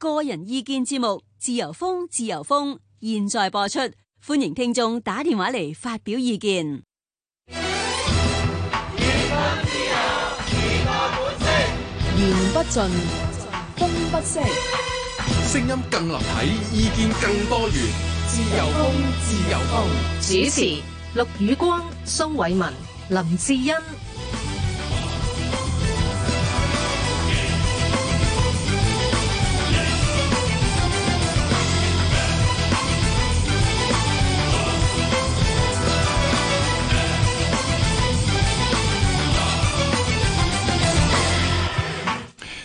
個人意見節目《自由風》自由風，現在播出，歡迎聽眾打電話嚟發表意見。言不盡，風不息，聲音更立體，意見更多元。自由風，自由風，主持：陸宇光、蘇偉文、林志恩。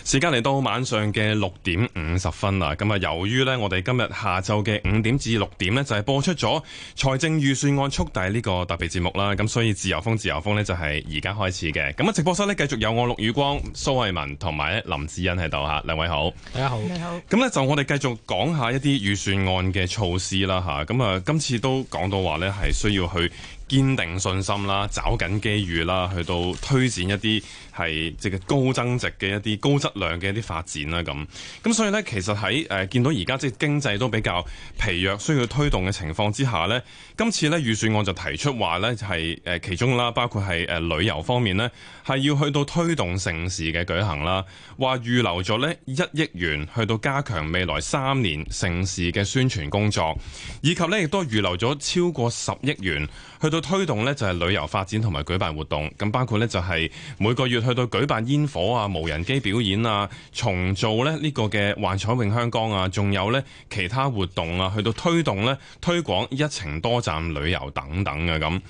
時間嚟到晚上嘅六點五十分啦，咁啊，由於呢，我哋今日下晝嘅五點至六點呢，就係播出咗財政預算案速遞呢個特別節目啦，咁所以自由風自由風呢，就係而家開始嘅。咁啊，直播室呢，繼續有我陸宇光、蘇慧文同埋林志恩喺度吓，兩位好，大家好，你好。咁呢，就我哋繼續講下一啲預算案嘅措施啦吓，咁啊今次都講到話呢，係需要去，堅定信心啦，抓緊機遇啦，去到推展一啲係即係高增值嘅一啲高質量嘅一啲發展啦，咁咁所以咧，其實喺誒、呃、見到而家即係經濟都比較疲弱，需要推動嘅情況之下咧，今次咧預算案就提出話咧，係誒、呃、其中啦，包括係誒、呃、旅遊方面咧，係要去到推動城市嘅舉行啦，話預留咗咧一億元去到加強未來三年城市嘅宣傳工作，以及咧亦都預留咗超過十億元去。去到推動呢就係旅遊發展同埋舉辦活動，咁包括呢就係每個月去到舉辦煙火啊、無人機表演啊、重做呢呢個嘅幻彩詠香江啊，仲有呢其他活動啊，去到推動呢推廣一程多站旅遊等等嘅咁。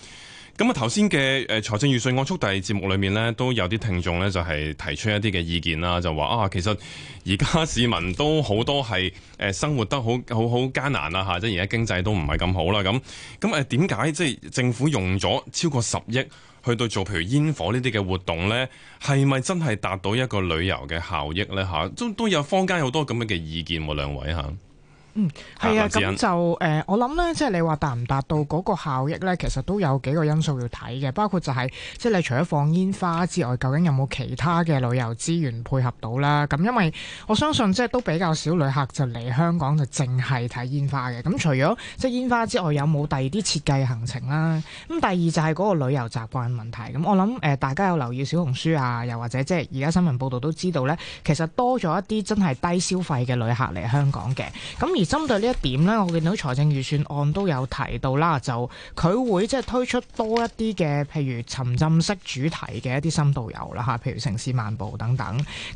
咁啊，頭先嘅誒財政預算案速遞節目裏面，啊、呢，是是呢，都有啲聽眾呢就係提出一啲嘅意見啦，就話啊，其實而家市民都好多係誒生活得好好好艱難啦吓，即係而家經濟都唔係咁好啦，咁咁誒點解即係政府用咗超過十億去到做譬如煙火呢啲嘅活動呢？係咪真係達到一個旅遊嘅效益呢？吓，都都有坊間有好多咁樣嘅意見喎，兩位吓。嗯，係啊，咁、啊、子就誒、呃、我諗咧，即係你話達唔達到嗰個效益咧，其實都有幾個因素要睇嘅，包括就係、是、即係你除咗放煙花之外，究竟有冇其他嘅旅遊資源配合到啦？咁因為我相信即係都比較少旅客就嚟香港就淨係睇煙花嘅。咁除咗即係煙花之外，有冇第二啲設計行程啦？咁第二就係嗰個旅遊習慣問題，咁我諗誒、呃、大家有留意小紅書啊，又或者即係而家新聞報道都知道咧，其實多咗一啲真係低消費嘅旅客嚟香港嘅。咁而針對呢一點呢，我見到財政預算案都有提到啦，就佢會即係推出多一啲嘅，譬如沉浸式主題嘅一啲深度遊啦，吓，譬如城市漫步等等。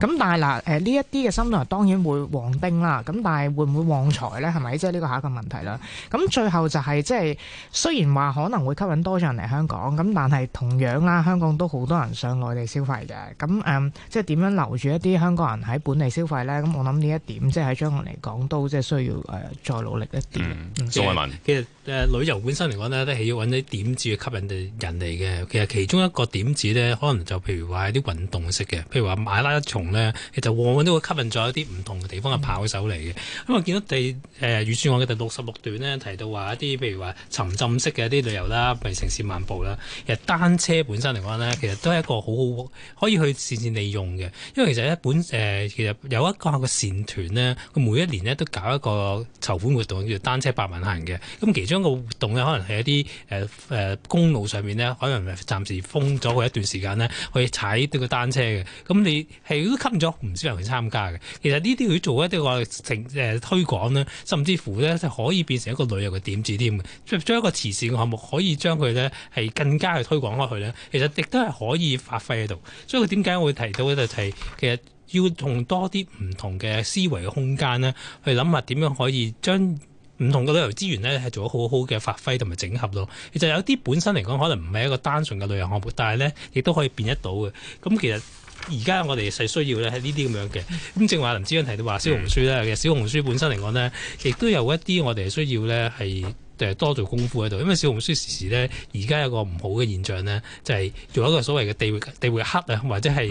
咁但係嗱，誒呢一啲嘅深度遊當然會旺丁啦，咁但係會唔會旺財呢？係咪即係呢個下一個問題啦？咁最後就係即係雖然話可能會吸引多咗人嚟香港，咁但係同樣啦，香港都好多人上內地消費嘅。咁誒，即係點樣留住一啲香港人喺本地消費呢？咁我諗呢一點即係喺將來嚟講都即係需要。誒，再努力一啲。宋愛民。So 誒、呃、旅遊本身嚟講呢，都係要搵啲點子去吸引人嚟嘅。其實其中一個點子呢，可能就譬如話係啲運動式嘅，譬如話馬拉松呢，其實往往都會吸引咗一啲唔同嘅地方嘅跑手嚟嘅。咁、嗯嗯嗯、我見到地、呃、第誒預算案嘅第六十六段呢，提到話一啲譬如話沉浸式嘅一啲旅遊啦，譬如城市漫步啦，其實單車本身嚟講呢，其實都係一個好好可以去善善利用嘅。因為其實一本誒、呃、其實有一個嘅善團呢，佢每一年呢都搞一個籌款活動叫做單車百萬行嘅。咁、嗯嗯、其中個活動咧，可能係一啲誒誒，公路上面咧，可能暫時封咗佢一段時間咧，去踩呢個單車嘅。咁你係都吸引咗唔少人去參加嘅。其實呢啲要做一啲我誒推廣咧，甚至乎咧，就可以變成一個旅遊嘅點子添嘅。將一個慈善嘅項目，可以將佢咧係更加去推廣開去咧。其實亦都係可以發揮喺度。所以佢點解會提到咧，就係、是、其實要從多啲唔同嘅思維嘅空間咧，去諗下點樣可以將。唔同嘅旅遊資源咧，係做咗好好嘅發揮同埋整合咯，其實有啲本身嚟講可能唔係一個單純嘅旅遊項目，但係咧亦都可以變得到嘅。咁其實而家我哋係需要咧係呢啲咁樣嘅。咁正話林志君提到話小紅書咧，其實小紅書本身嚟講咧亦都有一啲我哋需要咧係就多做功夫喺度，因為小紅書時時咧，而家有個唔好嘅現象咧，就係、是、做一個所謂嘅地域地域黑啊，或者係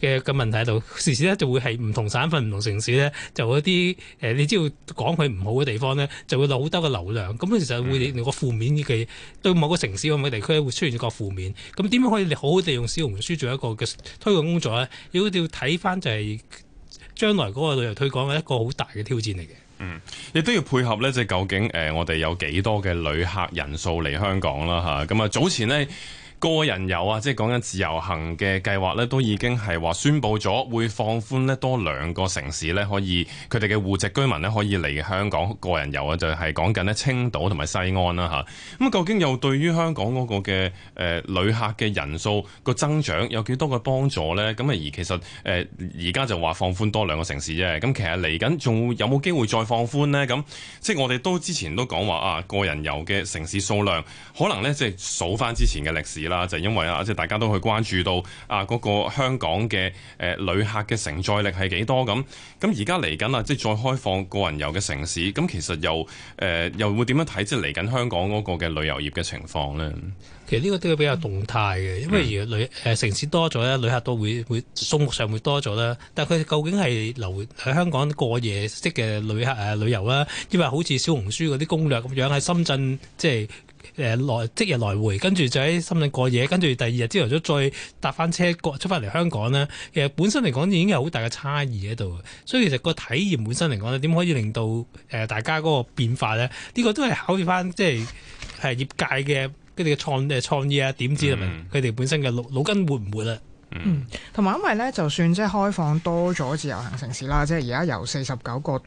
嘅嘅問題喺度，嗯、時時咧就會係唔同省份、唔同城市咧，就嗰啲、呃、你知道講佢唔好嘅地方咧，就會攞好多嘅流量，咁其實會令個負面嘅、嗯、對某個城市、某個地區會出現一個負面。咁點樣可以好好地用小紅書做一個嘅推廣工作咧？要要睇翻就係將來嗰個旅遊推廣係一個好大嘅挑戰嚟嘅。嗯，亦都要配合咧，即係究竟誒，我哋有幾多嘅旅客、人數嚟香港啦吓，咁啊早前咧。個人遊啊，即係講緊自由行嘅計劃呢，都已經係話宣佈咗會放寬呢，多兩個城市呢可以佢哋嘅戶籍居民呢，可以嚟香港個人遊啊，就係講緊呢，青島同埋西安啦吓。咁究竟又對於香港嗰個嘅誒、呃、旅客嘅人數個增長有幾多嘅幫助呢？咁啊，而其實誒而家就話放寬多兩個城市啫。咁其實嚟緊仲有冇機會再放寬呢？咁即係我哋都之前都講話啊，個人遊嘅城市數量可能呢，即係數翻之前嘅歷史。啦，就因為啊，即係大家都去關注到啊，嗰個香港嘅誒旅客嘅承載力係幾多咁？咁而家嚟緊啊，即係再開放個人遊嘅城市，咁其實又誒、呃、又會點樣睇？即係嚟緊香港嗰個嘅旅遊業嘅情況呢？其實呢個都比較動態嘅，因為旅誒城市多咗咧，旅客都會會數目上會多咗啦。但係佢究竟係留喺香港過夜式嘅旅客誒、呃、旅遊啦、啊，因為好似小紅書嗰啲攻略咁樣喺深圳即係。誒即日來回，跟住就喺深圳過夜，跟住第二日朝頭早再搭翻車出翻嚟香港呢，其實本身嚟講已經有好大嘅差異喺度，所以其實個體驗本身嚟講呢點可以令到大家嗰個變化呢？呢、呢個都係考慮翻即係業界嘅佢哋嘅創意啊，點知啦？係咪？佢哋本身嘅腦筋活唔活啊？嗯，同埋因為咧，就算即係開放多咗自由行城市啦，即係而家由四十九個。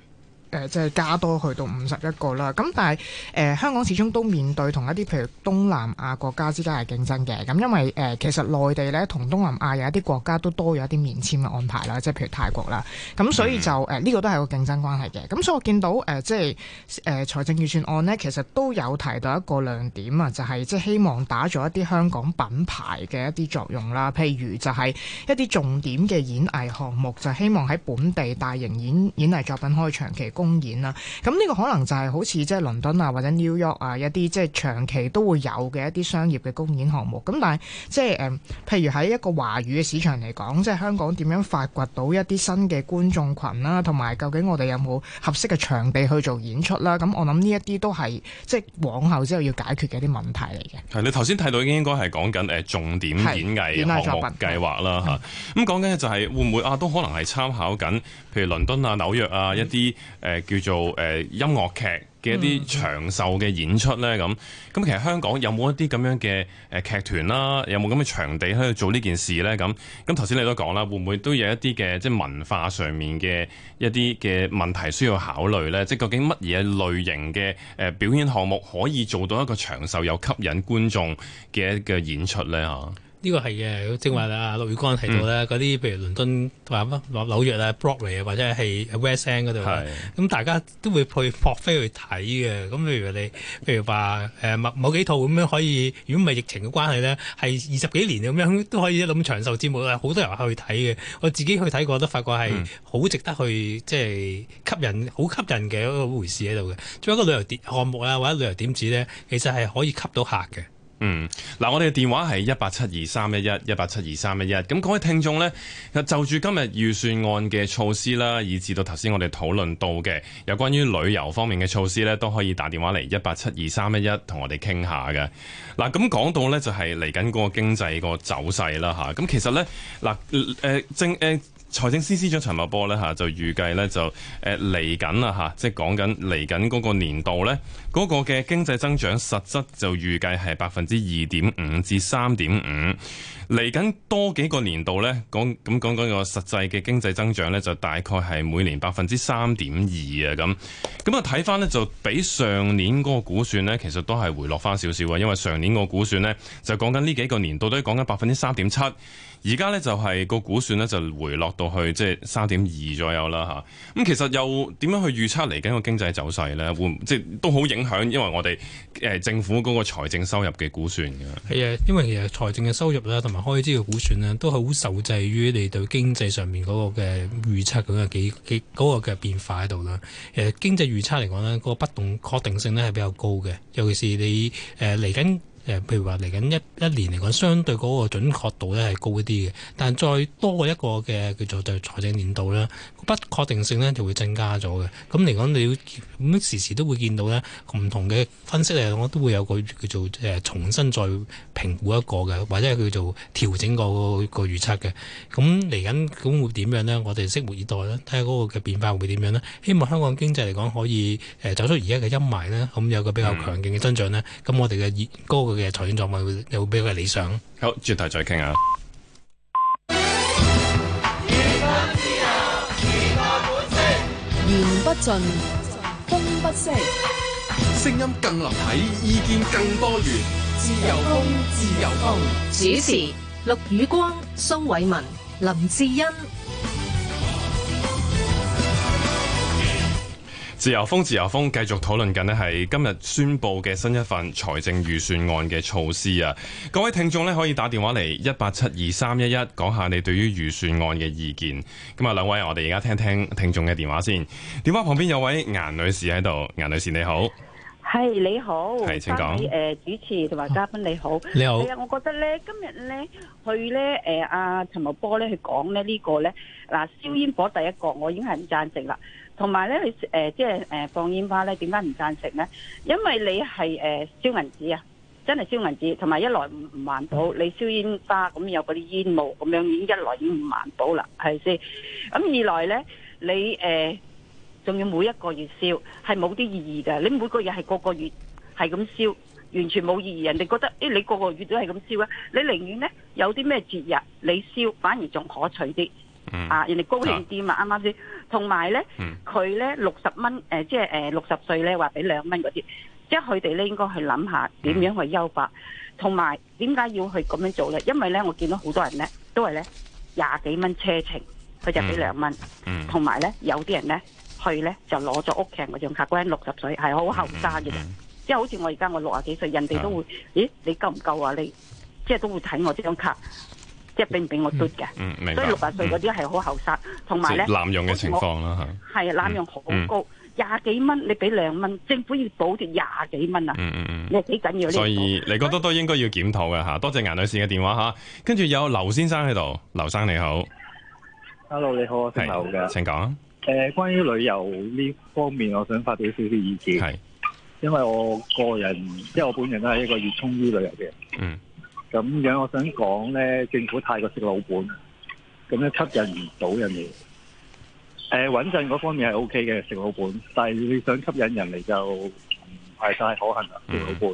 誒、呃、即係加多去到五十一個啦，咁但係、呃、香港始終都面對同一啲譬如東南亞國家之間嘅競爭嘅，咁因為誒、呃、其實內地咧同東南亞有一啲國家都多咗一啲免簽嘅安排啦，即係譬如泰國啦，咁所以就呢、嗯呃呢個都係個競爭關係嘅。咁所以我見到、呃、即係誒、呃、財政預算案呢，其實都有提到一個亮點啊，就係即係希望打造一啲香港品牌嘅一啲作用啦，譬如就係一啲重點嘅演藝項目，就希望喺本地大型演演藝作品可以長期公演啦，咁呢個可能就係好似即係倫敦啊或者 New York 啊一啲即係長期都會有嘅一啲商業嘅公演項目。咁但係即係誒，譬如喺一個華語嘅市場嚟講，即係香港點樣發掘到一啲新嘅觀眾群啦，同埋究竟我哋有冇合適嘅場地去做演出啦？咁我諗呢一啲都係即係往後之後要解決嘅一啲問題嚟嘅。係，你頭先睇到已經應該係講緊誒重點演藝演藝作品計劃啦吓。咁講緊咧就係會唔會啊？都可能係參考緊，譬如倫敦啊、紐約啊一啲誒。呃誒叫做誒音樂劇嘅一啲長壽嘅演出呢。咁咁、嗯、其實香港有冇一啲咁樣嘅誒劇團啦、啊？有冇咁嘅場地喺度做呢件事呢？咁咁頭先你都講啦，會唔會都有一啲嘅即係文化上面嘅一啲嘅問題需要考慮呢？即究竟乜嘢類型嘅誒表演項目可以做到一個長壽又吸引觀眾嘅一個演出呢？嚇？呢個係嘅，正係話啊，陸宇光提到咧，嗰啲譬如倫敦同埋乜紐約啊，Broadway 或者係 West End 嗰度，咁的大家都會去撲飛去睇嘅。咁譬如你，譬如話誒，某、呃、某幾套咁樣可以，如果唔係疫情嘅關係咧，係二十幾年咁樣都可以咁長壽節目啦，好多人去睇嘅。我自己去睇過都發覺係好值得去，即係吸引好吸引嘅一個回事喺度嘅。仲有一個旅遊項目啊，或者旅遊點子咧，其實係可以吸到客嘅。嗯，嗱，我哋嘅電話係一八七二三一一一八七二三一一，咁各位聽眾呢，就住今日預算案嘅措施啦，以至到頭先我哋討論到嘅，有關於旅遊方面嘅措施呢，都可以打電話嚟一八七二三一一同我哋傾下嘅。嗱，咁講到呢，就係嚟緊嗰個經濟個走勢啦，吓，咁其實呢，嗱，誒，正誒。呃財政司司長陳茂波呢，就預計呢就誒，嚟緊啊，即係講緊嚟緊嗰個年度呢，嗰、嗰個嘅經濟增長實質就預計係百分之二點五至三點五。嚟緊多幾個年度呢，講咁講講個實際嘅經濟增長呢，就大概係每年百分之三點二啊咁。咁啊睇翻呢，就比上年個個估算呢，其實都係回落翻少少啊。因為上年個估算呢，就講緊呢幾個年度都講緊百分之三點七，而家呢、就是，就係個估算呢，就回落到去即係三點二左右啦吓咁、啊、其實又點樣去預測嚟緊個經濟走勢呢？會即都好影響，因為我哋、呃、政府嗰個財政收入嘅估算嘅。啊，因為財政嘅收入啦同埋。開支嘅估算咧，都係好受制於你對經濟上面嗰個嘅預測，咁嘅幾幾嗰個嘅變化喺度啦。誒，經濟預測嚟講咧，呢個不動確定性咧係比較高嘅，尤其是你誒嚟緊。呃誒，譬如話嚟緊一一年嚟講，相對嗰個準確度咧係高一啲嘅，但再多一個嘅叫做就財政年度啦，個不確定性呢就會增加咗嘅。咁嚟講，你咁時時都會見到呢，唔同嘅分析嚟講，我都會有個叫做重新再評估一個嘅，或者係叫做調整個個預測嘅。咁嚟緊咁會點樣呢？我哋拭目以待啦，睇下嗰個嘅變化會點樣呢？希望香港經濟嚟講可以、呃、走出而家嘅陰霾呢，咁有個比較強勁嘅增長呢，咁我哋嘅佢嘅財經作品會有冇比較理想？好，轉頭再傾下。言不盡，風不息，聲音更立體，意見更多元，自由風，自由風。主持：陸雨光、蘇偉文、林志恩。自由風，自由風，繼續討論緊呢係今日宣布嘅新一份財政預算案嘅措施啊！各位聽眾呢可以打電話嚟一八七二三一一，講下你對於預算案嘅意見。咁啊，兩位，我哋而家聽聽聽眾嘅電話先。電話旁邊有位顏女士喺度，顏女士你好，係你好，係請講。呃，主持同埋嘉賓你好，啊，你好，呃。我覺得呢，今日呢，去呢，誒、呃，阿，啊、陳茂波呢去講呢，呢個呢，嗱，燒煙火第一個我已經係唔贊成啦。同埋咧，你誒即係誒放煙花咧，點解唔贊成咧？因為你係誒、呃、燒銀紙啊，真係燒銀紙。同埋一來唔環保，你燒煙花咁有嗰啲煙霧，咁樣已經一來已經唔環保啦，係先？咁二來咧，你誒仲、呃、要每一個月燒，係冇啲意義㗎。你每個月係個個月係咁燒，完全冇意義。人哋覺得誒、欸、你個個月都係咁燒啊，你寧願咧有啲咩節日你燒，反而仲可取啲。嗯、啊！人哋高興啲嘛，啱啱先，同埋咧，佢咧六十蚊，誒、嗯呃，即係誒六十歲咧，話俾兩蚊嗰啲，即係佢哋咧應該去諗下點樣去優化，同埋點解要去咁樣做咧？因為咧，我見到好多人咧，都係咧廿幾蚊車程，佢就俾兩蚊，同埋咧有啲人咧去咧就攞咗屋企人嗰張卡，嗰人六十歲係、嗯、好後生嘅，即係好似我而家我六十幾歲，人哋都會，嗯、咦你夠唔夠啊？你即係都會睇我呢張卡。即係俾唔俾我嘟嘅，所以六十歲嗰啲係好後生，同埋咧濫用嘅情況啦吓，係濫用好高，廿幾蚊你俾兩蚊，政府要補貼廿幾蚊啊，嗯嗯嗯，你幾緊要？所以你覺得都應該要檢討嘅吓，多謝顏女士嘅電話吓，跟住有劉先生喺度，劉生你好，Hello，你好，我姓劉嘅，請講。誒，關於旅遊呢方面，我想發表少少意見，係因為我個人，即係我本人都係一個熱衷於旅遊嘅，嗯。咁樣，我想講咧，政府太過食老本，咁樣吸引唔到人嚟。誒、呃，穩陣嗰方面係 O K 嘅，食老本，但係你想吸引人嚟就唔係太可行啦，食老本。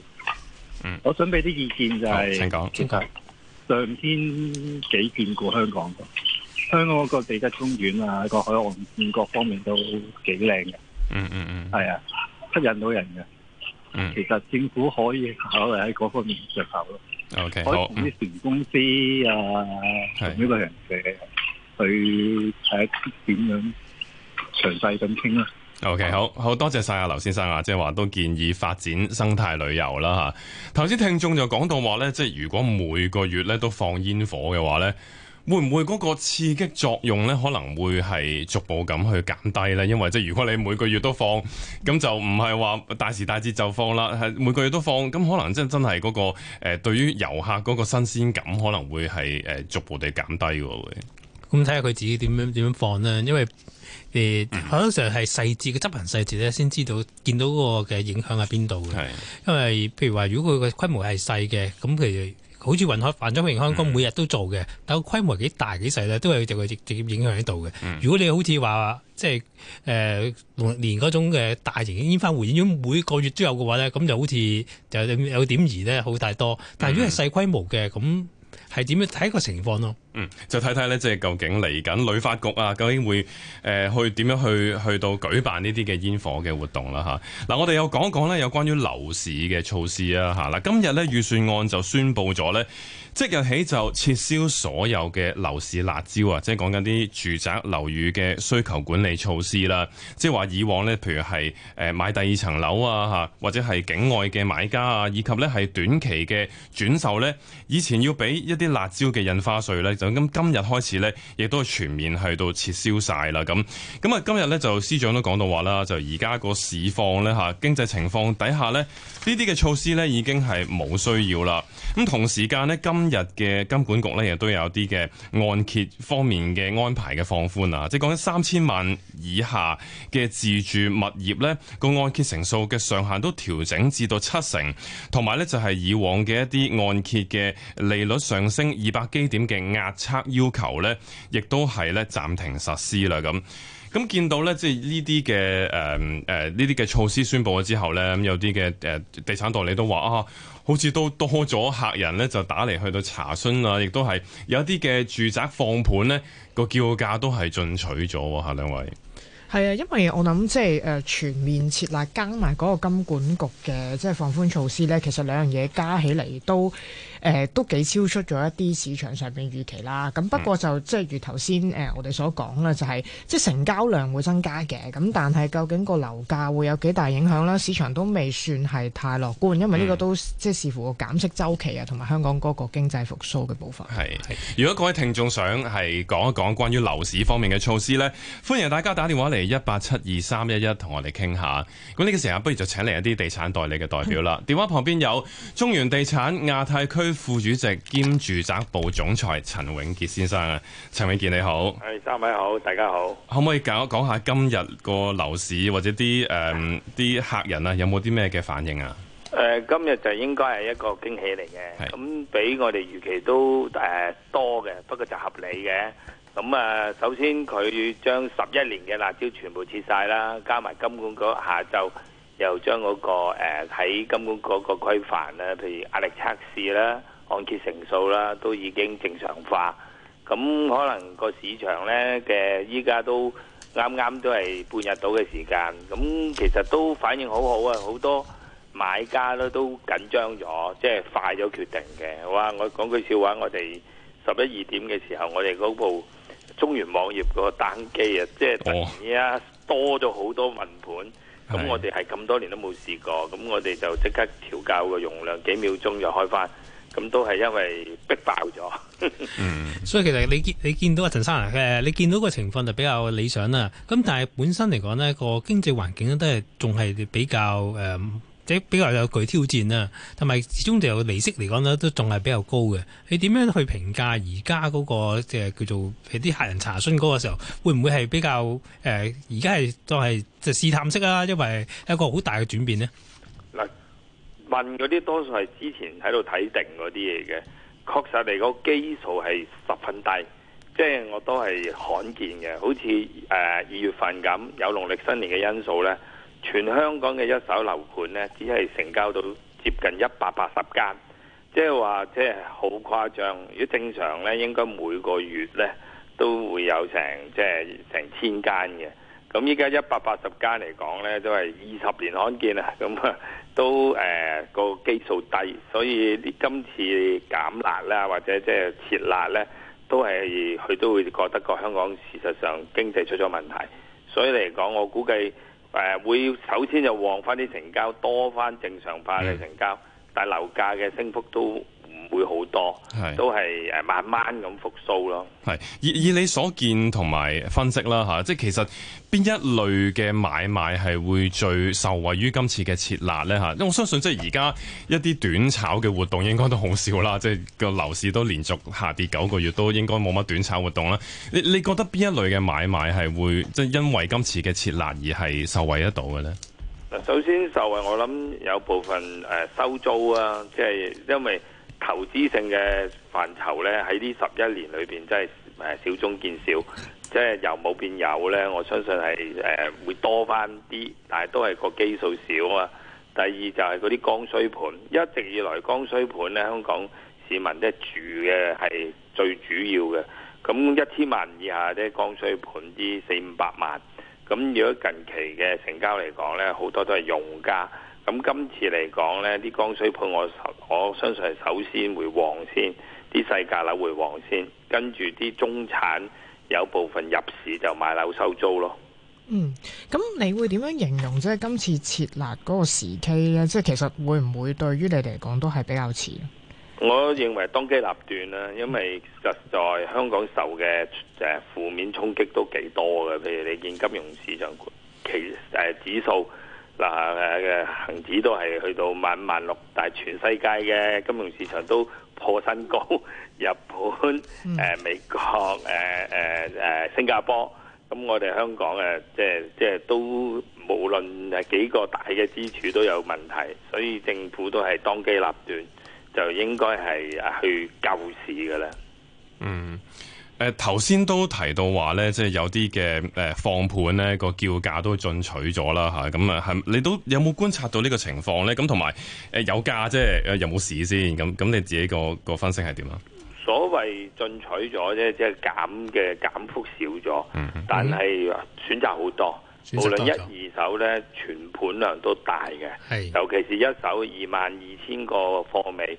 嗯。嗯，我準備啲意見就係、是，請講，上天幾眷顧香港，香港個地質公園啊，個海岸線各方面都幾靚嘅。嗯嗯嗯。係啊，吸引到人嘅。嗯、其實政府可以考慮喺嗰方面着手咯。O K，船公司啊，同呢、嗯、個人嘅去睇一啲點樣詳細咁傾啊。O K，好好多謝晒阿劉先生啊，即係話都建議發展生態旅遊啦吓。頭、啊、先聽眾就講到話咧，即係如果每個月咧都放煙火嘅話咧，會唔會嗰個刺激作用咧，可能會係逐步咁去減低咧？因為即係如果你每個月都放，咁就唔係話大時大節就放啦，係每個月都放，咁可能真真係嗰個誒對於遊客嗰個新鮮感可能會係誒逐步地減低喎。會，咁睇下佢自己點樣點樣放咧。因為誒好多時候係細節嘅執行細節咧，先知道見到個嘅影響喺邊度嘅。是的 因為譬如話，如果佢個規模係細嘅，咁佢。好似雲海泛中型香港每日都做嘅，嗯、但個規模幾大幾細咧，都係佢直接影響喺度嘅。嗯、如果你好似話即係誒年嗰種嘅大型煙花匯演，每個月都有嘅話咧，咁就好似就有點兒咧，好大多。但如果係細規模嘅咁。係點樣睇個情況咯？嗯，就睇睇咧，即係究竟嚟緊旅發局啊，究竟會誒、呃、去點樣去去到舉辦呢啲嘅煙火嘅活動啦、啊？吓，嗱，我哋又講一講咧，有關於樓市嘅措施啊，吓，嗱，今日呢預算案就宣佈咗呢，即日起就撤銷所有嘅樓市辣招啊，即係講緊啲住宅樓宇嘅需求管理措施啦、啊，即係話以往呢，譬如係誒買第二層樓啊，吓，或者係境外嘅買家啊，以及呢係短期嘅轉售呢，以前要俾一啲辣招嘅印花稅咧，就咁今日開始咧，亦都係全面去到撤銷晒啦。咁咁啊，今日咧就司長都講到話啦，就而家個市況咧吓，經濟情況底下咧，呢啲嘅措施咧已經係冇需要啦。咁同時間咧，今日嘅金管局咧亦都有啲嘅按揭方面嘅安排嘅放寬啊，即係講緊三千萬以下嘅自住物業咧個按揭成數嘅上限都調整至到七成，同埋咧就係、是、以往嘅一啲按揭嘅利率上。升二百基點嘅壓測要求咧，亦都係咧暫停實施啦。咁咁見到咧，即係呢啲嘅、誒、誒呢啲嘅措施宣佈咗之後咧，咁有啲嘅、誒地產代理都話啊，好似都多咗客人咧，就打嚟，去到查詢啊，亦都係有啲嘅住宅放盤咧，個叫價都係進取咗。下兩位係啊，因為我諗即係誒全面撤辣加埋嗰個金管局嘅即係放寬措施咧，其實兩樣嘢加起嚟都。誒都幾超出咗一啲市場上面預期啦，咁不過就即係如頭先誒我哋所講啦，就係即係成交量會增加嘅，咁但係究竟個樓價會有幾大影響啦？市場都未算係太樂觀，因為呢個都即係視乎個減息周期啊，同埋香港嗰個經濟復甦嘅步伐。係，如果各位聽眾想係講一講關於樓市方面嘅措施呢，歡迎大家打電話嚟一八七二三一一同我哋傾下。咁呢個時候不如就請嚟一啲地產代理嘅代表啦。電話旁邊有中原地產亞太區副主席兼住宅部總裁陳永傑先生啊，陳永傑你好，係三位好，大家好，可唔可以教我講下今日個樓市或者啲誒啲客人啊有冇啲咩嘅反應啊？誒、呃，今日就應該係一個驚喜嚟嘅，咁是比我哋預期都誒、呃、多嘅，不過就合理嘅。咁啊、呃，首先佢將十一年嘅辣招全部切晒啦，加埋金管局下晝。又將嗰、誒個喺金管局嗰個規範咧，譬如壓力測試啦、按揭成數啦，都已經正常化。咁可能個市場咧嘅依家都啱啱都係半日到嘅時間。咁其實都反應好好啊，好多買家咧都緊張咗，即係快咗決定嘅。哇！我講句笑話，我哋十一二點嘅時候，我哋嗰部中原網頁個單機啊，即係突然之間多咗好多文盤。咁我哋係咁多年都冇試過，咁我哋就即刻調校個容量，幾秒鐘就開翻，咁都係因為逼爆咗、 嗯。所以其實你見你見到阿陳生誒，你見到個情況就比較理想啦。咁但係本身嚟講呢個經濟環境都係仲係比較、嗯即比較有具挑戰啦，同埋始終就有利息嚟講咧，都仲係比較高嘅。你點樣去評價而家嗰個即係叫做啲客人查詢嗰個時候，會唔會係比較誒？而家係當係就試探式啊，因為一個好大嘅轉變呢。嗱，問嗰啲多數係之前喺度睇定嗰啲嘢嘅，確實嚟個基數係十分低，即係我都係罕見嘅。好似誒二月份咁，有農曆新年嘅因素咧。全香港嘅一手樓盤呢，只係成交到接近一百八十間，即係話即係好誇張。如果正常呢，應該每個月呢都會有成即係成千間嘅。咁依家一百八十間嚟講呢，都係二十年罕見啊！咁啊，都、呃、誒、嗰個基數低，所以呢今次減辣啦，或者即係撤辣呢，都係佢都會覺得個香港事實上經濟出咗問題。所以嚟講，我估計。誒、啊，會首先就旺翻啲成交，多翻正常化嘅成交，嗯、但樓價嘅升幅都。會好多，都係誒慢慢咁復甦咯。係以以你所見同埋分析啦，嚇，即係其實邊一類嘅買賣係會最受惠於今次嘅撤辣呢？嚇，因為我相信即係而家一啲短炒嘅活動應該都好少啦。即係個樓市都連續下跌九個月，都應該冇乜短炒活動啦。你你覺得邊一類嘅買賣係會即係因為今次嘅撤辣而係受惠得到嘅呢？首先受惠，我諗有部分誒收租啊，即係因為。投資性嘅範疇呢，喺呢十一年裏邊，真係誒少中見少，即係由冇變有呢，我相信係誒會多返啲，但係都係個基數少啊。第二就係嗰啲剛需盤，一直以來剛需盤呢，香港市民都係住嘅係最主要嘅。咁一千萬以下咧剛需盤啲四五百萬，咁如果近期嘅成交嚟講呢，好多都係用家。咁今次嚟講呢，啲剛需盤我我相信首先會旺先，啲細價樓會旺先，跟住啲中產有部分入市就買樓收租咯。嗯，咁你會點樣形容即係今次撤辣嗰個時機呢，即係其實會唔會對於你嚟講都係比較遲？我認為當機立斷啦，因為實在香港受嘅誒負面衝擊都幾多嘅，譬如你見金融市場期誒指數。嗱誒誒，恒、啊啊、指都係去到萬五萬六，但係全世界嘅金融市場都破新高，日本、誒、啊、美國、誒誒誒新加坡，咁我哋香港誒、啊，即係即係都無論係幾個大嘅支柱都有問題，所以政府都係當機立斷，就應該係去救市㗎喇。嗯。誒頭先都提到話咧，即係有啲嘅誒放盤咧，個叫價都進取咗啦，咁啊，係你都有冇觀察到呢個情況咧？咁同埋有價即係、呃、有冇市先？咁咁你自己個個分析係點啊？所謂進取咗啫，即、就、係、是、減嘅減幅少咗，嗯嗯、但係選擇好多，多無論一二手咧，全盤量都大嘅，是尤其是一手二萬二千個貨尾。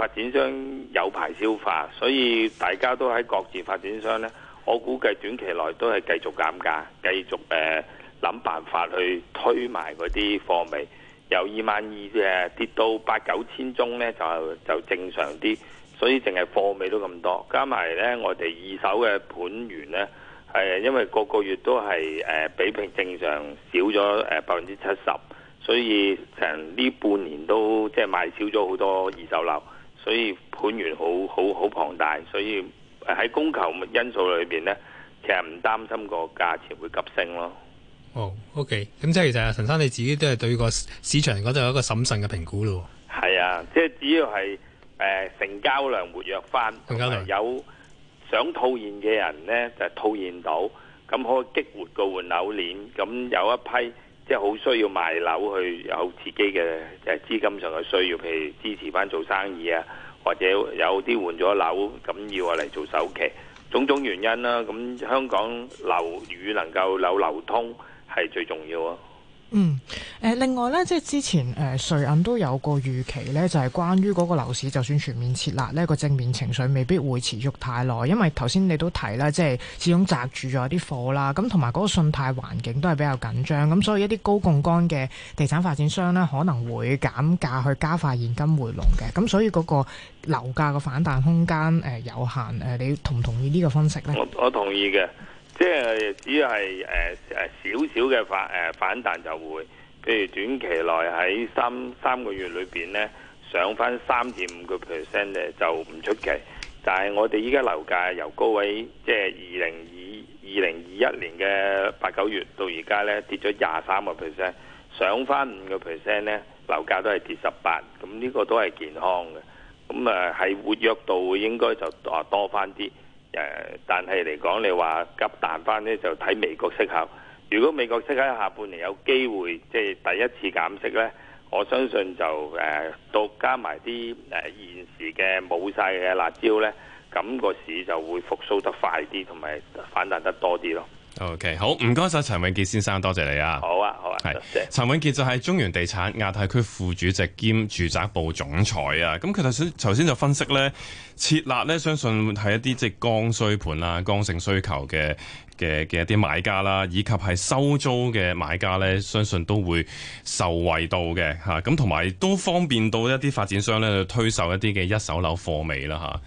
發展商有排消化，所以大家都喺各自發展商呢。我估計短期內都係繼續減價，繼續、呃、諗辦法去推埋嗰啲貨尾。由二萬二誒跌到八九千宗呢，就就正常啲。所以淨係貨尾都咁多，加埋呢，我哋二手嘅盤源呢，係因為個個月都係、呃、比平正常少咗、呃、百分之七十，所以成呢半年都即係賣少咗好多二手樓。所以盤源好好好龐大，所以喺供求因素裏邊咧，其實唔擔心個價錢會急升咯。哦，OK，咁即係其實陳生你自己都係對個市場嚟講都有一個審慎嘅評估咯。係啊，即係只要係誒成交量活躍翻，有想套現嘅人咧就套現到，咁可以激活個換樓鏈，咁有一批。即係好需要賣樓去有自己嘅誒資金上嘅需要，譬如支持返做生意啊，或者有啲換咗樓咁要我嚟做首期，種種原因啦。咁香港樓宇能夠樓流，流通係最重要啊。嗯，誒、呃，另外咧，即係之前誒，瑞、呃、銀都有個預期咧，就係、是、關於嗰個樓市就算全面撤辣呢個正面情緒未必會持續太耐，因為頭先你都提啦，即係始終揸住咗啲貨啦，咁同埋嗰個信貸環境都係比較緊張，咁所以一啲高槓桿嘅地產發展商咧，可能會減價去加快現金回籠嘅，咁所以嗰個樓價嘅反彈空間誒、呃、有限誒，你同唔同意呢個分析呢？我我同意嘅。即係只要係誒誒少少嘅反誒、呃、反彈就會，譬如短期內喺三三個月裏邊咧，上翻三至五個 percent 咧就唔出奇。但係我哋依家樓價由高位，即係二零二二零二一年嘅八九月到而家咧跌咗廿三個 percent，上翻五個 percent 咧樓價都係跌十八，咁呢個都係健康嘅。咁啊喺活躍度應該就話多翻啲。但係嚟講，你話急彈翻呢就睇美國息口。如果美國息口下半年有機會即係、就是、第一次減息呢，我相信就誒，到、呃、加埋啲誒現時嘅冇曬嘅辣招呢，咁、那個市就會復甦得快啲，同埋反彈得多啲咯。OK，好，唔該晒，陳永傑先生，多謝你啊！好啊，好啊，係。陳永傑就係中原地產亞太區副主席兼住宅部總裁啊。咁其實頭先就分析呢，設立呢，相信係一啲即係剛需盤啦、剛性需求嘅嘅嘅一啲買家啦，以及係收租嘅買家呢，相信都會受惠到嘅吓。咁同埋都方便到一啲發展商呢，推售一啲嘅一手樓貨尾啦、吓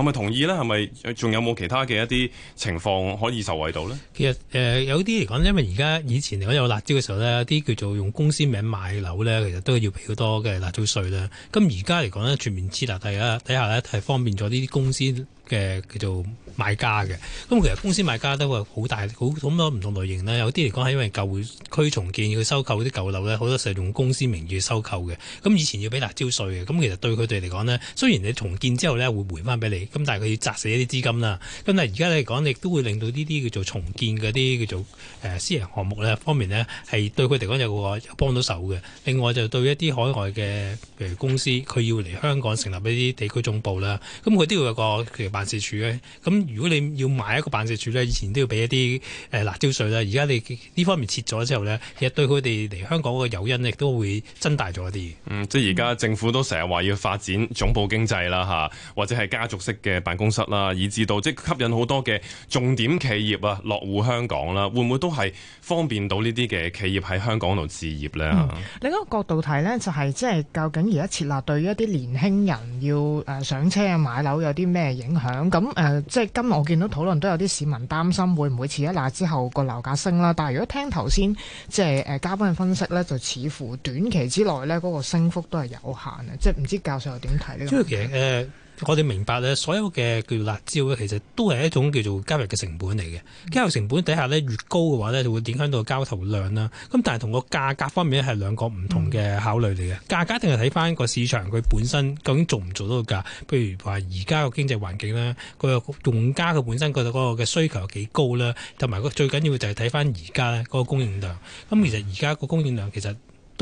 係咪同意呢？係咪仲有冇其他嘅一啲情況可以受惠到呢？其實有啲嚟講，因為而家以前嚟講有辣招嘅時候呢，啲叫做用公司名買樓呢，其實都要俾好多嘅辣招稅啦。咁而家嚟講呢，全面資格地下底下呢，係方便咗呢啲公司。嘅叫做買家嘅，咁其實公司買家都會好大，好咁多唔同類型啦。有啲嚟講係因為舊區重建要收購啲舊樓呢，好多時用公司名義收購嘅。咁以前要俾辣招稅嘅，咁其實對佢哋嚟講呢，雖然你重建之後呢會回翻俾你，咁但係佢要砸死一啲資金啦。咁但係而家嚟講，亦都會令到呢啲叫做重建嗰啲叫做私人項目呢方面呢，係對佢哋講有個幫到手嘅。另外就對一啲海外嘅公司，佢要嚟香港成立一啲地區總部啦，咁佢都要有個。辦事處嘅，咁如果你要買一個辦事處咧，以前都要俾一啲誒辣招稅啦。而家你呢方面撤咗之後咧，亦對佢哋嚟香港嘅誘因亦都會增大咗一啲。嗯，即係而家政府都成日話要發展總部經濟啦，嚇，或者係家族式嘅辦公室啦，以至到即吸引好多嘅重點企業啊落戶香港啦，會唔會都係方便到呢啲嘅企業喺香港度置業咧？另一個角度睇咧，就係即係究竟而家設立對於一啲年輕人要誒上車買樓有啲咩影響？響咁誒，即係今日我見到討論都有啲市民擔心會唔會遲一晚之後個樓價升啦。但係如果聽頭先即係誒、呃、嘉賓嘅分析咧，就似乎短期之內咧嗰、嗰個升幅都係有限嘅，即係唔知教授又點睇呢個？我哋明白咧，所有嘅叫辣招咧，其實都係一種叫做交易嘅成本嚟嘅。交易成本底下咧，越高嘅話咧，就會影響到交投量啦。咁但係同個價格方面咧，係兩個唔同嘅考慮嚟嘅。價格一定係睇翻個市場佢本身究竟做唔做到價。譬如話而家個經濟環境啦，佢用家佢本身嗰個嘅需求有幾高啦，同埋個最緊要就係睇翻而家呢嗰個供應量。咁其實而家個供應量其實。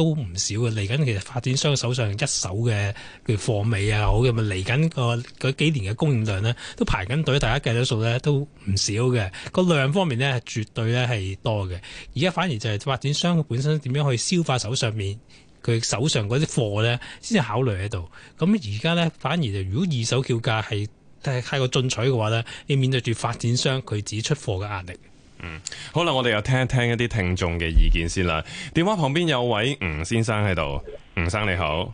都唔少嘅。嚟緊其實發展商手上一手嘅佢貨尾啊，好嘅嚟緊個幾年嘅供應量呢，都排緊隊，大家計咗數呢，都唔少嘅。個量方面呢，絕對呢係多嘅。而家反而就係發展商本身點樣去消化手上面佢手上嗰啲貨呢，先至考慮喺度。咁而家呢，反而就如果二手叫價係太過進取嘅話呢，你要面對住發展商佢只出貨嘅壓力。嗯，好啦，我哋又聽一聽一啲聽眾嘅意見先啦。電話旁邊有位吳先生喺度，吳生你好，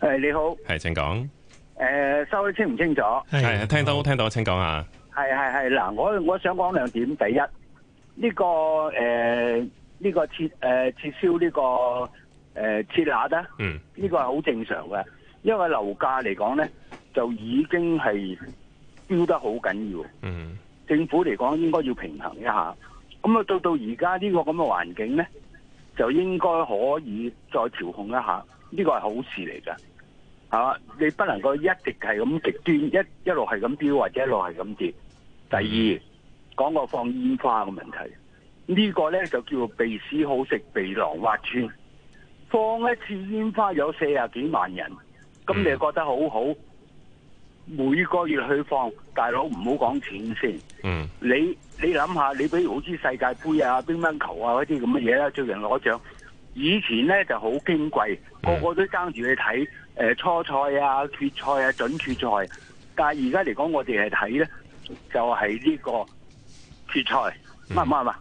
誒、欸、你好，誒請講，誒、呃、收得清唔清楚？係、哎，聽到聽到，請講下。係係係嗱，我我想講兩點，第一，呢、這個誒呢、呃這個撤誒撤銷呢個誒撤辣咧，呃切啊、嗯，呢個係好正常嘅，因為樓價嚟講咧就已經係飆得好緊要，嗯。政府嚟講應該要平衡一下，咁啊到到而家呢個咁嘅環境呢，就應該可以再調控一下，呢個係好事嚟噶，係嘛？你不能夠一直係咁極端，一一路係咁飆或者一路係咁跌。第二，講個放煙花嘅問題，呢個呢就叫鼻屎好食，鼻囊挖穿。放一次煙花有四十幾萬人，咁你又覺得好好？每個月去放，大佬唔好講錢先，嗯、你你諗下，你比如好似世界杯啊、乒乓球啊嗰啲咁嘅嘢啦，最近攞獎，以前咧就好矜貴，嗯、個個都爭住去睇，誒、呃、初賽啊、決賽啊、準決賽，但係而家嚟講，我哋係睇咧就係、是、呢個決賽，啱唔啱啊？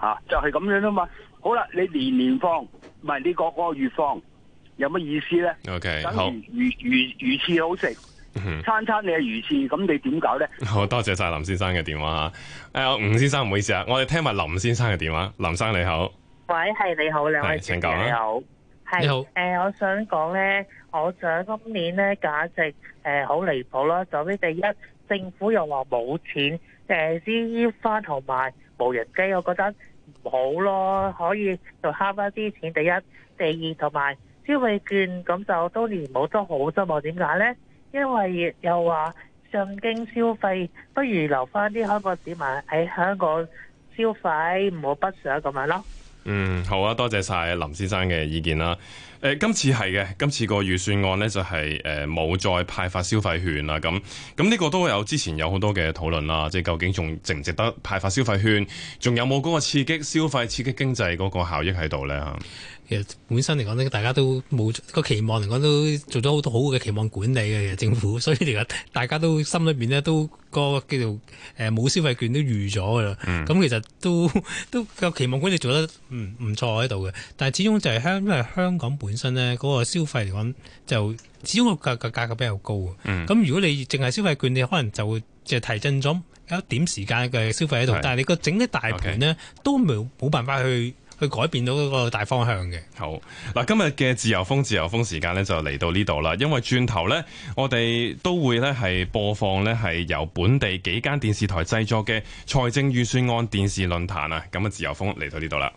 吓就係、是、咁樣啦嘛。好啦，你年年放，唔係你個個月放，有乜意思咧？OK，如好如如如翅好食。嗯、餐餐你係魚翅，咁你點搞咧？好多謝晒林先生嘅電話吓。誒、欸，吳先生唔好意思啊，我哋聽埋林先生嘅電話。林生你好，喂係你好，你好，請講你好，你好誒，我想講咧，我想今年咧價值誒好離譜啦。首、呃、先，第一政府又話冇錢誒，煙花同埋無人機，我覺得唔好咯，可以就慳翻啲錢。第一，第二同埋消費券咁就當年冇得好，啫。我點解咧？因為又話上京消費，不如留翻啲香港市民喺香港消費，唔好不想咁樣咯。嗯，好啊，多謝晒林先生嘅意見啦。今次係嘅，今次個預算案呢就係誒冇再派發消費券啦，咁咁呢個都有之前有好多嘅討論啦，即係究竟仲值唔值得派發消費券，仲有冇嗰個刺激消費、刺激經濟嗰個效益喺度呢？其實本身嚟講呢，大家都冇個期望嚟講都做咗好多好嘅期望管理嘅，其實政府，嗯、所以大家都心裏面呢，都嗰個叫做冇消費券都預咗㗎啦，咁、嗯嗯、其實都都個期望管理做得唔唔錯喺度嘅，但係始終就係香因為香港本本身呢嗰個消費嚟講，就只要個價價價格比較高咁，嗯、如果你淨係消費券，你可能就會就提振咗一點時間嘅消費喺度。是但係你整個整一大盤呢，okay, 都冇冇辦法去去改變到嗰個大方向嘅。好嗱，今日嘅自由風自由風時間呢就嚟到呢度啦。因為轉頭呢，我哋都會呢係播放呢係由本地幾間電視台製作嘅財政預算案電視論壇啊。咁啊，自由風嚟到呢度啦。